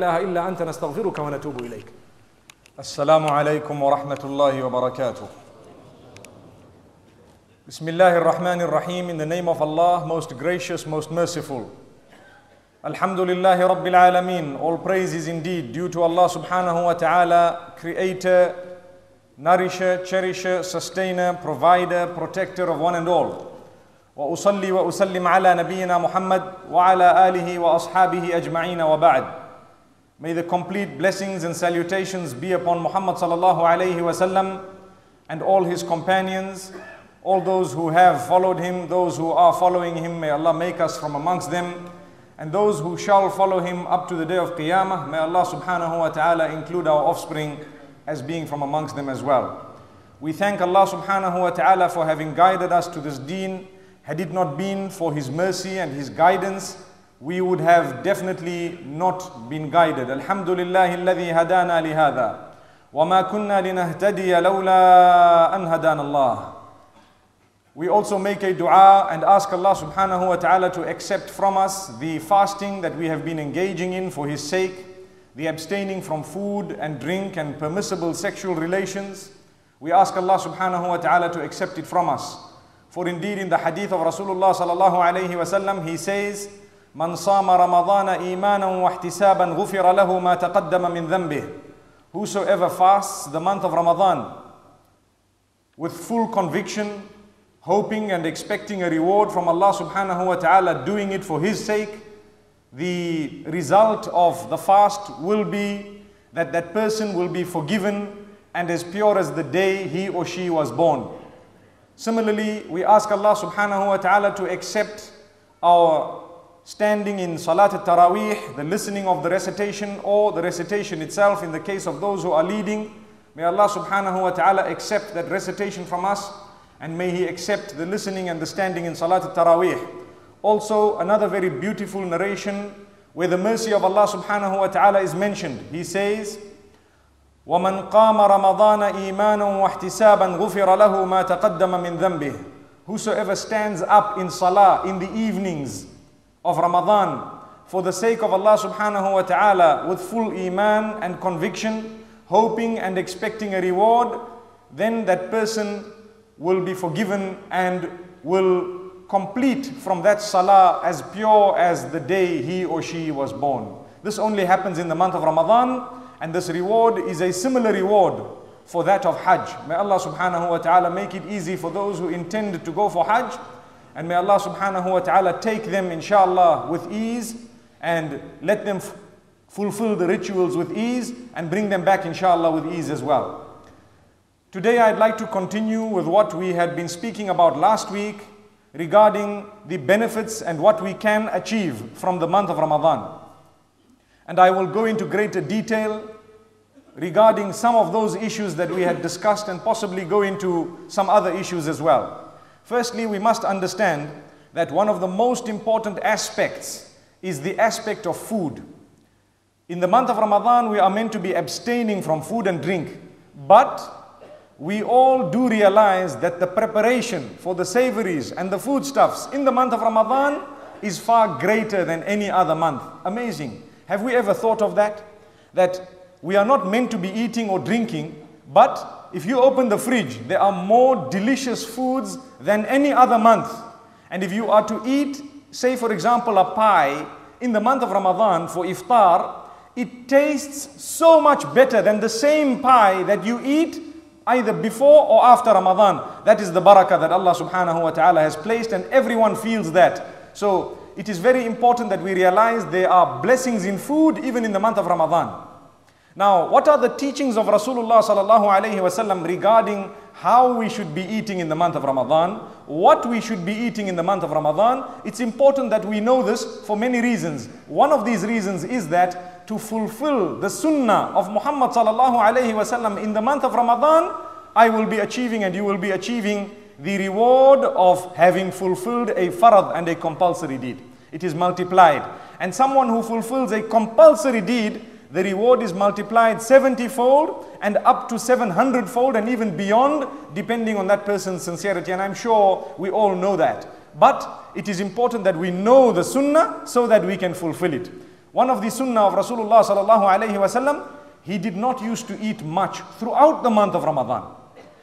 إله إلا أنت نستغفرك ونتوب إليك السلام عليكم ورحمة الله وبركاته بسم الله الرحمن الرحيم in the name of Allah, most gracious, most merciful. الحمد لله رب العالمين all praise is indeed due to Allah subhanahu wa ta'ala, creator, nourisher, cherisher, sustainer, provider, protector of one and all. وأصلي وأسلم على نبينا محمد وعلى آله وأصحابه أجمعين وبعد. May the complete blessings and salutations be upon Muhammad sallallahu alayhi wasallam and all his companions, all those who have followed him, those who are following him, may Allah make us from amongst them. And those who shall follow him up to the day of Qiyamah, may Allah subhanahu wa ta'ala include our offspring as being from amongst them as well. We thank Allah subhanahu wa ta'ala for having guided us to this deen. Had it not been for his mercy and his guidance, we would have definitely not been guided. Alhamdulillah alladhi hadana lihada. وَمَا كُنَّا لِنَهْتَدِيَ لَوْلَا أَنْ اللَّهِ We also make a dua and ask Allah subhanahu wa ta'ala to accept from us the fasting that we have been engaging in for His sake, the abstaining from food and drink and permissible sexual relations. We ask Allah subhanahu wa ta'ala to accept it from us. For indeed in the hadith of Rasulullah sallallahu alayhi wa sallam, he says, من صام رمضان إيمانا واحتسابا غفر له ما تقدم من ذنبه Whosoever fasts the month of Ramadan with full conviction, hoping and expecting a reward from Allah subhanahu wa ta'ala, doing it for His sake, the result of the fast will be that that person will be forgiven and as pure as the day he or she was born. Similarly, we ask Allah subhanahu wa ta'ala to accept our standing in Salat al-Taraweeh, the listening of the recitation or the recitation itself in the case of those who are leading. May Allah subhanahu wa ta'ala accept that recitation from us and may He accept the listening and the standing in Salat al-Taraweeh. Also another very beautiful narration where the mercy of Allah subhanahu wa ta'ala is mentioned. He says, ومن قام رمضان إيمانا واحتسابا غفر له ما تقدم من ذنبه Whosoever stands up in salah in the evenings of Ramadan for the sake of Allah subhanahu wa ta'ala with full iman and conviction, hoping and expecting a reward, then that person will be forgiven and will complete from that salah as pure as the day he or she was born. This only happens in the month of Ramadan and this reward is a similar reward for that of Hajj. May Allah subhanahu wa ta'ala make it easy for those who intend to go for Hajj and may Allah subhanahu wa ta'ala take them, inshallah, with ease and let them fulfill the rituals with ease and bring them back, inshallah, with ease as well. Today, I'd like to continue with what we had been speaking about last week regarding the benefits and what we can achieve from the month of Ramadan. And I will go into greater detail regarding some of those issues that we had discussed and possibly go into some other issues as well. Firstly, we must understand that one of the most important aspects is the aspect of food. In the month of Ramadan, we are meant to be abstaining from food and drink. But we all do realize that the preparation for the savories and the foodstuffs in the month of Ramadan is far greater than any other month. Amazing. Have we ever thought of that? That we are not meant to be eating or drinking, but if you open the fridge, there are more delicious foods than any other month. And if you are to eat, say for example, a pie in the month of Ramadan for iftar, it tastes so much better than the same pie that you eat either before or after Ramadan. That is the barakah that Allah subhanahu wa ta'ala has placed and everyone feels that. So it is very important that we realize there are blessings in food even in the month of Ramadan. Now, what are the teachings of Rasulullah sallallahu wasallam regarding how we should be eating in the month of Ramadan, what we should be eating in the month of Ramadan? It's important that we know this for many reasons. One of these reasons is that to fulfill the sunnah of Muhammad sallallahu wasallam in the month of Ramadan, I will be achieving and you will be achieving the reward of having fulfilled a farad and a compulsory deed. It is multiplied. And someone who fulfills a compulsory deed the reward is multiplied 70 fold and up to 700 fold and even beyond depending on that person's sincerity and I'm sure we all know that but it is important that we know the sunnah so that we can fulfill it one of the sunnah of Rasulullah sallallahu wa sallam, he did not used to eat much throughout the month of Ramadan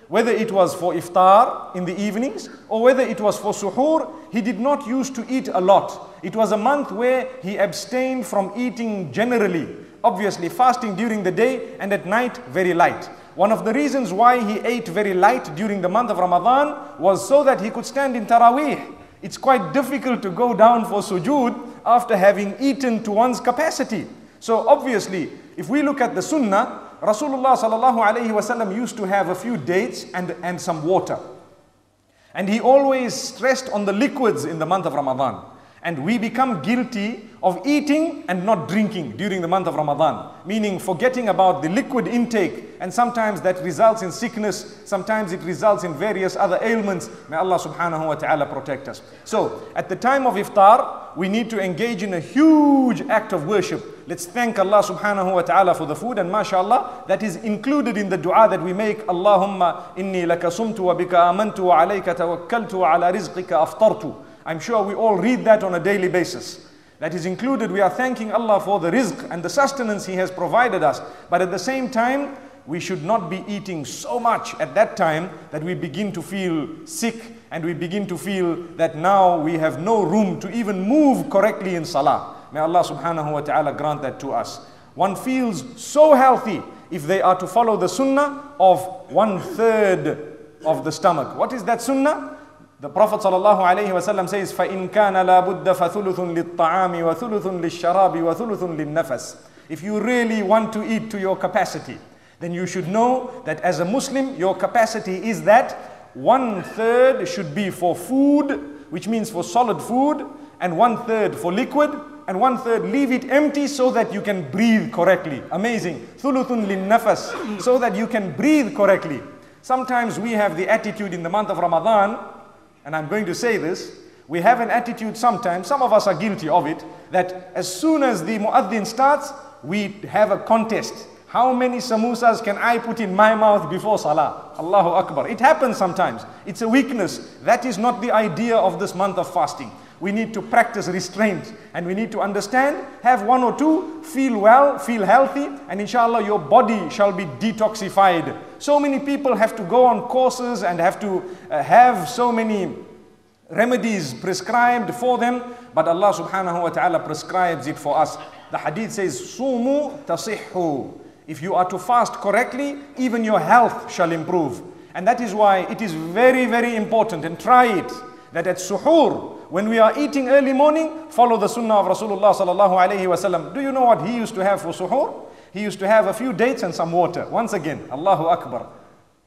whether it was for iftar in the evenings or whether it was for suhoor, he did not used to eat a lot. It was a month where he abstained from eating generally. Obviously, fasting during the day and at night, very light. One of the reasons why he ate very light during the month of Ramadan was so that he could stand in Taraweeh. It's quite difficult to go down for sujood after having eaten to one's capacity. So obviously, if we look at the sunnah, Rasulullah sallallahu alayhi wasallam used to have a few dates and, and some water. And he always stressed on the liquids in the month of Ramadan. And we become guilty of eating and not drinking during the month of Ramadan, meaning forgetting about the liquid intake. And sometimes that results in sickness, sometimes it results in various other ailments. May Allah subhanahu wa ta'ala protect us. So, at the time of iftar, we need to engage in a huge act of worship. Let's thank Allah subhanahu wa ta'ala for the food and mashallah, that is included in the dua that we make. Allahumma inni laka sumtu wa bika amantu wa alayka tawakkaltu wa ala rizqika aftartu. I'm sure we all read that on a daily basis. That is included. We are thanking Allah for the rizq and the sustenance He has provided us. But at the same time, we should not be eating so much at that time that we begin to feel sick and we begin to feel that now we have no room to even move correctly in salah. May Allah subhanahu wa ta'ala grant that to us. One feels so healthy if they are to follow the sunnah of one third of the stomach. What is that sunnah? The Prophet ﷺ says, فَإِنْ كَانَ لَا بُدَّ فَثُلُثٌ لِلطَّعَامِ وَثُلُثٌ لِلشَّرَابِ وَثُلُثٌ لِلنَّفَسِ If you really want to eat to your capacity, then you should know that as a Muslim, your capacity is that one third should be for food, which means for solid food, and one third for liquid, and one third leave it empty so that you can breathe correctly. Amazing. Thuluthun lin nafas, so that you can breathe correctly. Sometimes we have the attitude in the month of Ramadan and I'm going to say this, we have an attitude sometimes, some of us are guilty of it, that as soon as the muaddin starts, we have a contest. How many samosas can I put in my mouth before salah? Allahu Akbar. It happens sometimes. It's a weakness. That is not the idea of this month of fasting. We need to practice restraint and we need to understand, have one or two, feel well, feel healthy, and inshallah your body shall be detoxified. So many people have to go on courses and have to uh, have so many remedies prescribed for them, but Allah subhanahu wa ta'ala prescribes it for us. The hadith says, Sumu tasihu." If you are to fast correctly, even your health shall improve. And that is why it is very, very important and try it that at suhoor, when we are eating early morning, follow the sunnah of Rasulullah sallallahu alayhi wasallam. Do you know what he used to have for suhoor? He used to have a few dates and some water. Once again, Allahu Akbar.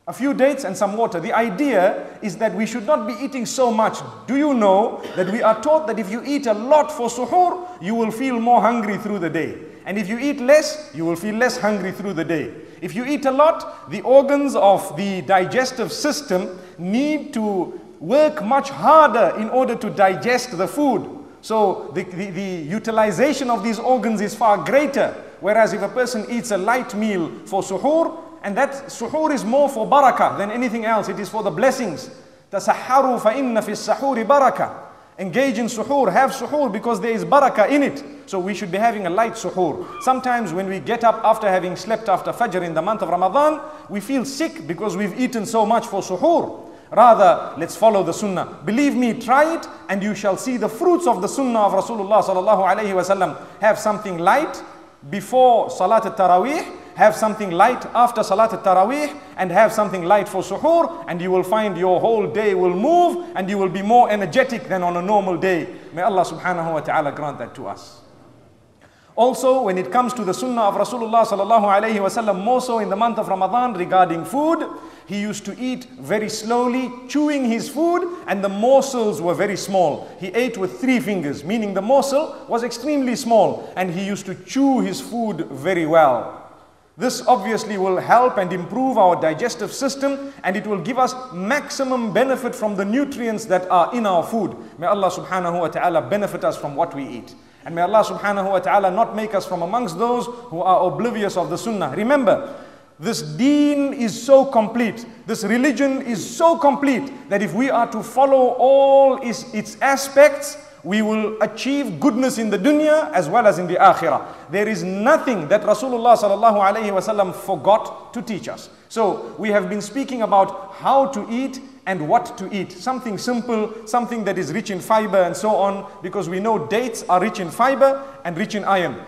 A few dates and some water. The idea is that we should not be eating so much. Do you know that we are taught that if you eat a lot for suhoor, you will feel more hungry through the day. And if you eat less, you will feel less hungry through the day. If you eat a lot, the organs of the digestive system need to work much harder in order to digest the food. So the, the, the, utilization of these organs is far greater. Whereas if a person eats a light meal for suhoor, and that suhoor is more for barakah than anything else, it is for the blessings. تَسَحَّرُوا فَإِنَّ فِي sahuri barakah. Engage in suhoor, have suhoor because there is barakah in it. So we should be having a light suhoor. Sometimes when we get up after having slept after fajr in the month of Ramadan, we feel sick because we've eaten so much for suhoor. Rather, let's follow the sunnah. Believe me, try it and you shall see the fruits of the sunnah of Rasulullah sallallahu alayhi wasallam. Have something light before Salat al-Taraweeh have something light after Salat al-Taraweeh and have something light for suhoor and you will find your whole day will move and you will be more energetic than on a normal day. May Allah subhanahu wa ta'ala grant that to us. Also, when it comes to the sunnah of Rasulullah sallallahu alayhi wasallam, more so in the month of Ramadan regarding food, he used to eat very slowly, chewing his food, and the morsels were very small. He ate with three fingers, meaning the morsel was extremely small, and he used to chew his food very well. This obviously will help and improve our digestive system and it will give us maximum benefit from the nutrients that are in our food. May Allah subhanahu wa ta'ala benefit us from what we eat. And may Allah subhanahu wa ta'ala not make us from amongst those who are oblivious of the sunnah. Remember, this deen is so complete. This religion is so complete that if we are to follow all its, its aspects, we will achieve goodness in the dunya as well as in the akhirah. There is nothing that Rasulullah sallallahu alaihi wasallam forgot to teach us. So we have been speaking about how to eat and what to eat. Something simple, something that is rich in fiber and so on because we know dates are rich in fiber and rich in iron.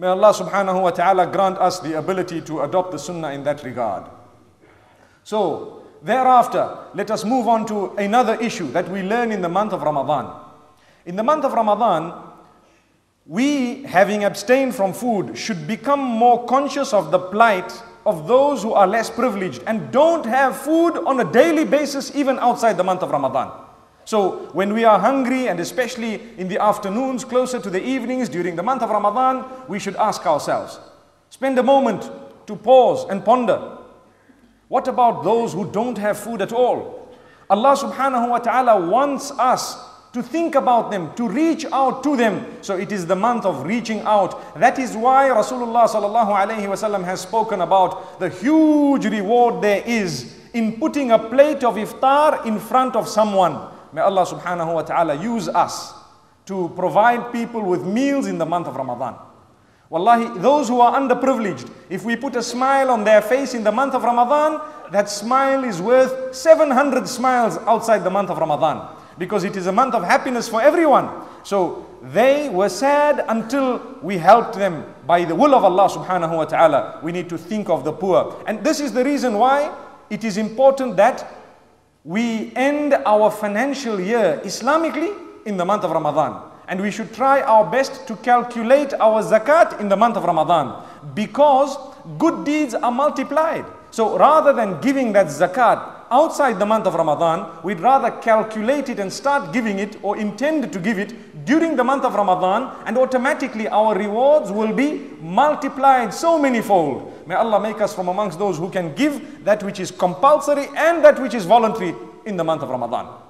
May Allah subhanahu wa ta'ala grant us the ability to adopt the sunnah in that regard. So, thereafter, let us move on to another issue that we learn in the month of Ramadan. In the month of Ramadan, we, having abstained from food, should become more conscious of the plight of those who are less privileged and don't have food on a daily basis, even outside the month of Ramadan. So when we are hungry and especially in the afternoons, closer to the evenings during the month of Ramadan, we should ask ourselves, spend a moment to pause and ponder. What about those who don't have food at all? Allah subhanahu wa ta'ala wants us to think about them, to reach out to them. So it is the month of reaching out. That is why Rasulullah sallallahu alayhi wasallam has spoken about the huge reward there is in putting a plate of iftar in front of someone. May Allah subhanahu wa ta'ala use us to provide people with meals in the month of Ramadan. Wallahi, those who are underprivileged, if we put a smile on their face in the month of Ramadan, that smile is worth 700 smiles outside the month of Ramadan. Because it is a month of happiness for everyone. So they were sad until we helped them by the will of Allah subhanahu wa ta'ala. We need to think of the poor. And this is the reason why it is important that we end our financial year Islamically in the month of Ramadan. And we should try our best to calculate our zakat in the month of Ramadan because good deeds are multiplied. So rather than giving that zakat outside the month of Ramadan, we'd rather calculate it and start giving it or intend to give it during the month of Ramadan and automatically our rewards will be multiplied so many fold. May Allah make us from amongst those who can give that which is compulsory and that which is voluntary in the month of Ramadan.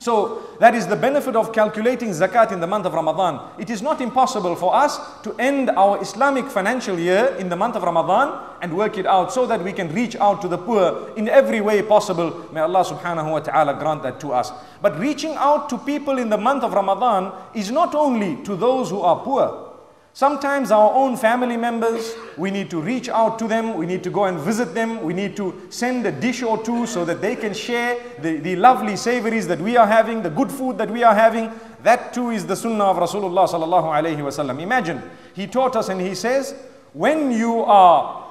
So that is the benefit of calculating zakat in the month of Ramadan. It is not impossible for us to end our Islamic financial year in the month of Ramadan and work it out so that we can reach out to the poor in every way possible. May Allah subhanahu wa ta'ala grant that to us. But reaching out to people in the month of Ramadan is not only to those who are poor. Sometimes our own family members, we need to reach out to them, we need to go and visit them, we need to send a dish or two so that they can share the, the lovely savories that we are having, the good food that we are having. That too is the sunnah of Rasulullah sallallahu alayhi Imagine, he taught us and he says, when you are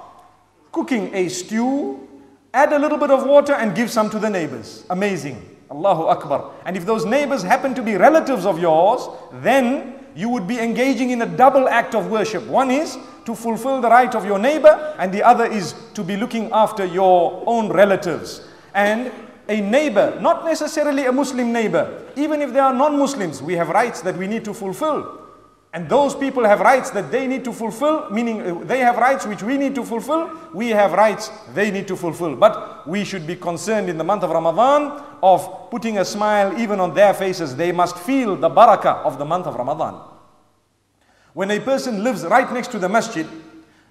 cooking a stew, add a little bit of water and give some to the neighbors. Amazing. Allahu Akbar. And if those neighbors happen to be relatives of yours, then you would be engaging in a double act of worship. One is to fulfill the right of your neighbor, and the other is to be looking after your own relatives. And a neighbor, not necessarily a Muslim neighbor, even if they are non Muslims, we have rights that we need to fulfill. And those people have rights that they need to fulfill, meaning uh, they have rights which we need to fulfill, we have rights they need to fulfill. But we should be concerned in the month of Ramadan of putting a smile even on their faces, they must feel the barakah of the month of Ramadan. When a person lives right next to the masjid,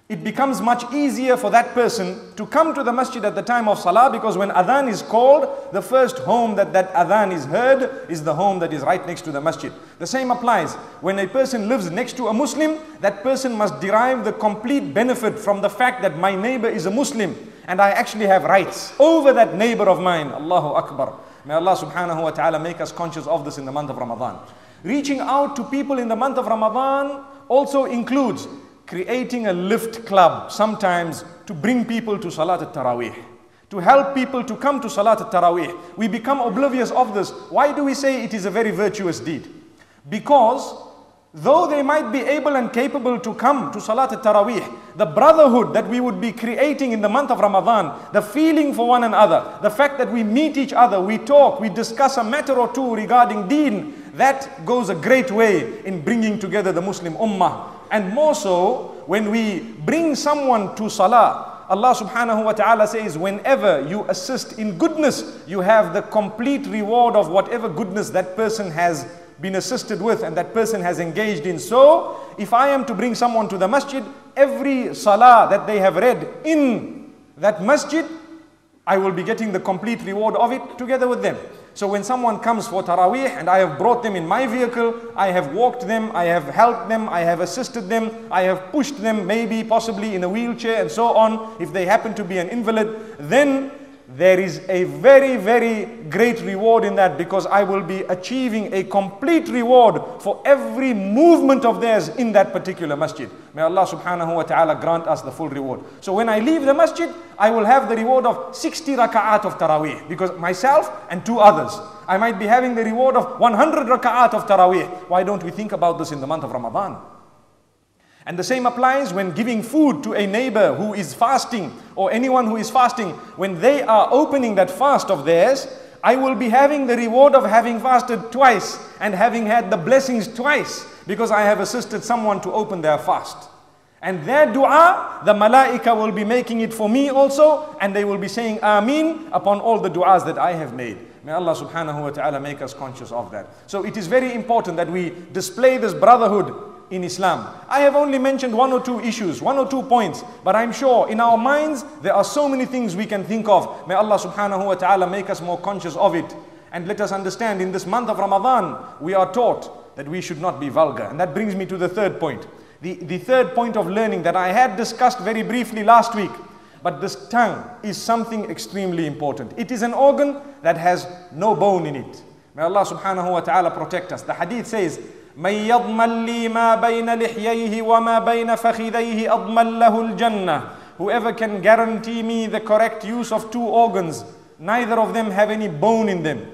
it becomes much easier for that person to come to the masjid at the time of salah because when adhan is called, the first home that that adhan is heard is the home that is right next to the masjid. The same applies. When a person lives next to a Muslim, that person must derive the complete benefit from the fact that my neighbor is a Muslim and I actually have rights over that neighbor of mine. Allahu Akbar. May Allah subhanahu wa ta'ala make us conscious of this in the month of Ramadan. Reaching out to people in the month of Ramadan also includes creating a lift club sometimes to bring people to Salat al-Taraweeh, to help people to come to Salat al-Taraweeh. We become oblivious of this. Why do we say it is a very virtuous deed? Because though they might be able and capable to come to Salat al-Taraweeh, the brotherhood that we would be creating in the month of Ramadan, the feeling for one another, the fact that we meet each other, we talk, we discuss a matter or two regarding deen, that goes a great way in bringing together the Muslim Ummah and more so, when we bring someone to salah, Allah subhanahu wa ta'ala says, whenever you assist in goodness, you have the complete reward of whatever goodness that person has been assisted with and that person has engaged in. So, if I am to bring someone to the masjid, every salah that they have read in that masjid, I will be getting the complete reward of it together with them. So when someone comes for Taraweeh and I have brought them in my vehicle, I have walked them, I have helped them, I have assisted them, I have pushed them maybe possibly in a wheelchair and so on, if they happen to be an invalid, then there is a very, very great reward in that because I will be achieving a complete reward for every movement of theirs in that particular masjid. May Allah subhanahu wa ta'ala grant us the full reward. So when I leave the masjid, I will have the reward of 60 raka'at of taraweeh because myself and two others. I might be having the reward of 100 raka'at of taraweeh. Why don't we think about this in the month of Ramadan? And the same applies when giving food to a neighbor who is fasting or anyone who is fasting. When they are opening that fast of theirs, I will be having the reward of having fasted twice and having had the blessings twice because I have assisted someone to open their fast. And their dua, the malaika will be making it for me also and they will be saying Amin upon all the duas that I have made. May Allah subhanahu wa ta'ala make us conscious of that. So it is very important that we display this brotherhood in Islam. I have only mentioned one or two issues, one or two points, but I'm sure in our minds there are so many things we can think of. May Allah subhanahu wa ta'ala make us more conscious of it. And let us understand in this month of Ramadan, we are taught that we should not be vulgar. And that brings me to the third point. The, the third point of learning that I had discussed very briefly last week. But this tongue is something extremely important. It is an organ that has no bone in it. May Allah subhanahu wa ta'ala protect us. The hadith says من يضمن لي ما بين لحييه وما بين فخذيه أضمن له الجنة Whoever can guarantee me the correct use of two organs, neither of them have any bone in them.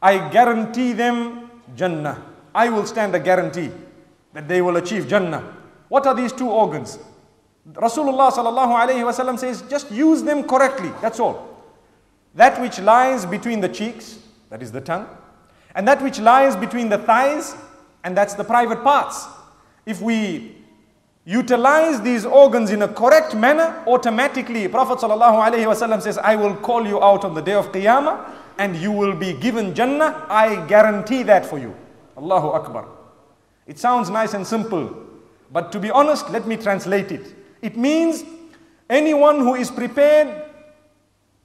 I guarantee them Jannah. I will stand a guarantee that they will achieve Jannah. What are these two organs? Rasulullah sallallahu alayhi wasallam says, just use them correctly, that's all. That which lies between the cheeks, that is the tongue, and that which lies between the thighs, and that's the private parts. If we utilize these organs in a correct manner, automatically, Prophet ﷺ says, I will call you out on the day of Qiyamah and you will be given Jannah. I guarantee that for you. Allahu Akbar. It sounds nice and simple, but to be honest, let me translate it. It means anyone who is prepared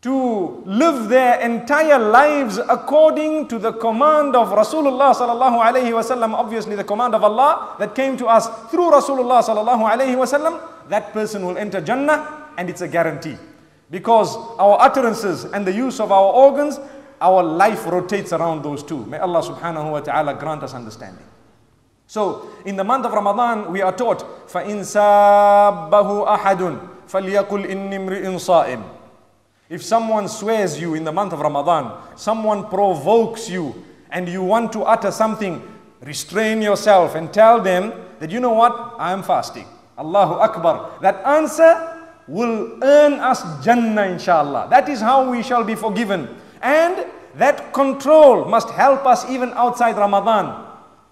to live their entire lives according to the command of Rasulullah sallallahu alayhi wasallam, obviously the command of Allah that came to us through Rasulullah sallallahu alayhi wasallam, that person will enter Jannah and it's a guarantee. Because our utterances and the use of our organs, our life rotates around those two. May Allah subhanahu wa ta'ala grant us understanding. So in the month of Ramadan, we are taught, فَإِن سَابَّهُ أَحَدٌ فَلْيَقُلْ إِنِّ امْرِئٍ صَائِمٍ if someone swears you in the month of Ramadan, someone provokes you, and you want to utter something, restrain yourself and tell them that you know what? I am fasting. Allahu Akbar. That answer will earn us Jannah, inshallah. That is how we shall be forgiven. And that control must help us even outside Ramadan.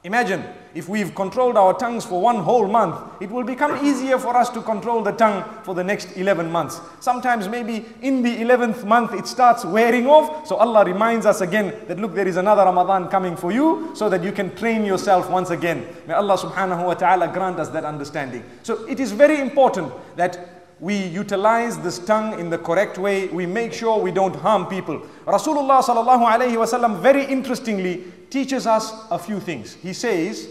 Imagine if we've controlled our tongues for one whole month, it will become easier for us to control the tongue for the next 11 months. Sometimes maybe in the 11th month it starts wearing off. So Allah reminds us again that look, there is another Ramadan coming for you so that you can train yourself once again. May Allah subhanahu wa ta'ala grant us that understanding. So it is very important that we utilize this tongue in the correct way. We make sure we don't harm people. Rasulullah sallallahu alayhi wasallam very interestingly teaches us a few things. He says,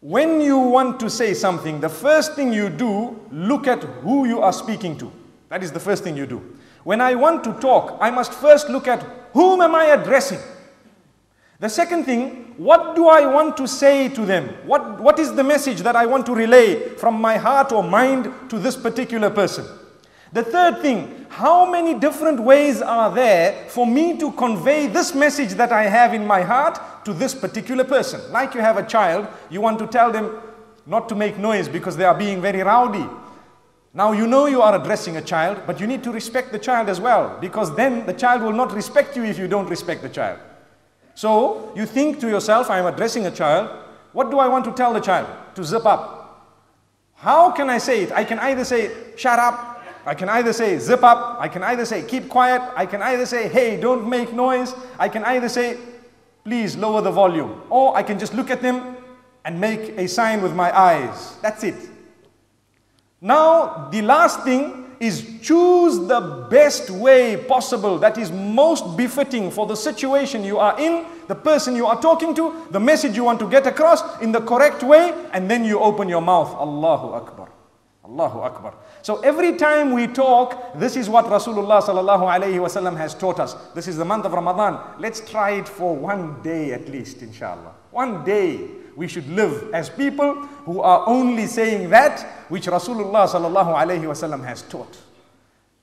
when you want to say something, the first thing you do, look at who you are speaking to. That is the first thing you do. When I want to talk, I must first look at whom am I addressing? The second thing, what do I want to say to them? What, what is the message that I want to relay from my heart or mind to this particular person? The third thing, how many different ways are there for me to convey this message that I have in my heart to this particular person? Like you have a child, you want to tell them not to make noise because they are being very rowdy. Now you know you are addressing a child, but you need to respect the child as well because then the child will not respect you if you don't respect the child. So you think to yourself, I am addressing a child, what do I want to tell the child? To zip up. How can I say it? I can either say, shut up, I can either say zip up, I can either say keep quiet, I can either say hey don't make noise, I can either say please lower the volume or I can just look at them and make a sign with my eyes. That's it. Now the last thing is choose the best way possible that is most befitting for the situation you are in, the person you are talking to, the message you want to get across in the correct way and then you open your mouth. Allahu Akbar. Allahu Akbar. So every time we talk, this is what Rasulullah sallallahu alayhi wasallam has taught us. This is the month of Ramadan. Let's try it for one day at least, inshallah. One day we should live as people who are only saying that which Rasulullah sallallahu alayhi wasallam has taught.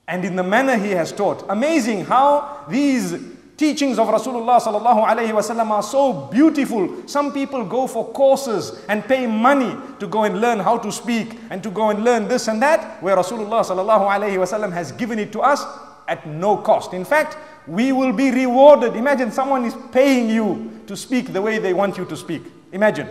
And in the manner he has taught. Amazing how these teachings of Rasulullah sallallahu wasallam are so beautiful. Some people go for courses and pay money to go and learn how to speak and to go and learn this and that, where Rasulullah sallallahu wasallam has given it to us at no cost. In fact, we will be rewarded. Imagine someone is paying you to speak the way they want you to speak. Imagine.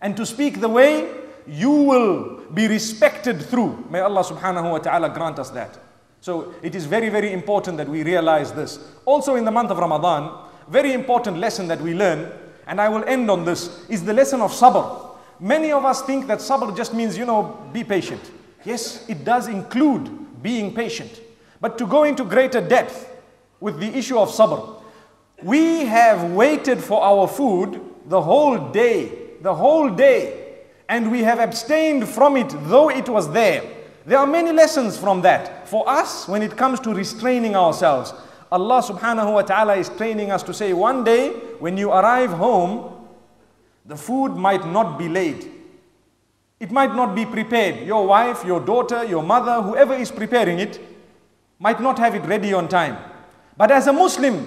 And to speak the way you will be respected through. May Allah subhanahu wa ta'ala grant us that. So it is very, very important that we realize this. Also in the month of Ramadan, very important lesson that we learn, and I will end on this, is the lesson of sabr. Many of us think that sabr just means, you know, be patient. Yes, it does include being patient. But to go into greater depth with the issue of sabr, we have waited for our food the whole day, the whole day, and we have abstained from it though it was there. There are many lessons from that. For us, when it comes to restraining ourselves, Allah subhanahu wa ta'ala is training us to say, one day when you arrive home, the food might not be laid. It might not be prepared. Your wife, your daughter, your mother, whoever is preparing it, might not have it ready on time. But as a Muslim,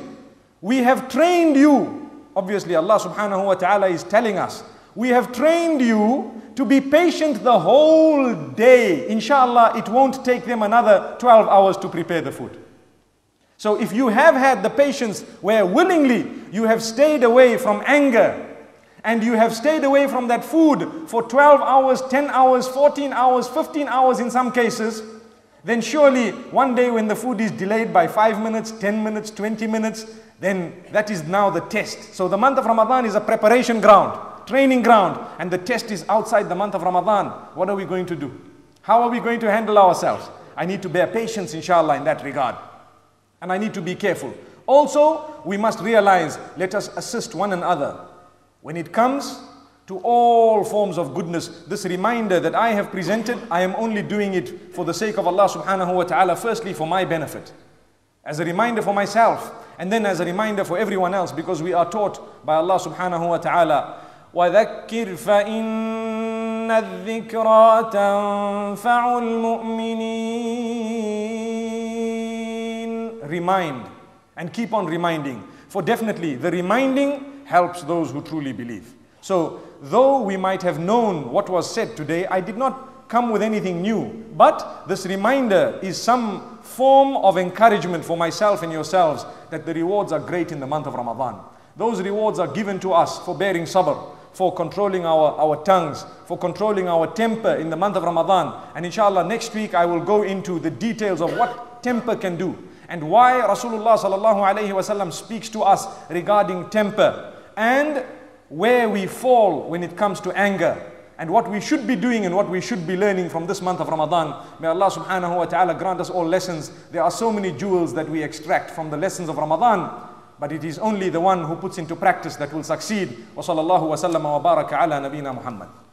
we have trained you. Obviously, Allah subhanahu wa ta'ala is telling us we have trained you to be patient the whole day. Inshallah, it won't take them another 12 hours to prepare the food. So if you have had the patience where willingly you have stayed away from anger and you have stayed away from that food for 12 hours, 10 hours, 14 hours, 15 hours in some cases, then surely one day when the food is delayed by 5 minutes, 10 minutes, 20 minutes, then that is now the test. So the month of Ramadan is a preparation ground training ground, and the test is outside the month of Ramadan, what are we going to do? How are we going to handle ourselves? I need to bear patience, inshallah, in that regard. And I need to be careful. Also, we must realize, let us assist one another. When it comes to all forms of goodness, this reminder that I have presented, I am only doing it for the sake of Allah subhanahu wa ta'ala, firstly for my benefit. As a reminder for myself, and then as a reminder for everyone else, because we are taught by Allah subhanahu wa ta'ala وذكر فإن الذكرى تنفع المؤمنين Remind and keep on reminding. For definitely the reminding helps those who truly believe. So though we might have known what was said today, I did not come with anything new. But this reminder is some form of encouragement for myself and yourselves that the rewards are great in the month of Ramadan. Those rewards are given to us for bearing sabr, for controlling our, our tongues, for controlling our temper in the month of Ramadan. And inshallah, next week I will go into the details of what temper can do and why Rasulullah sallallahu alaihi wasallam speaks to us regarding temper and where we fall when it comes to anger and what we should be doing and what we should be learning from this month of Ramadan. May Allah subhanahu wa ta'ala grant us all lessons. There are so many jewels that we extract from the lessons of Ramadan but it is only the one who puts into practice that will succeed. وصلى الله وسلم وبارك على نبينا محمد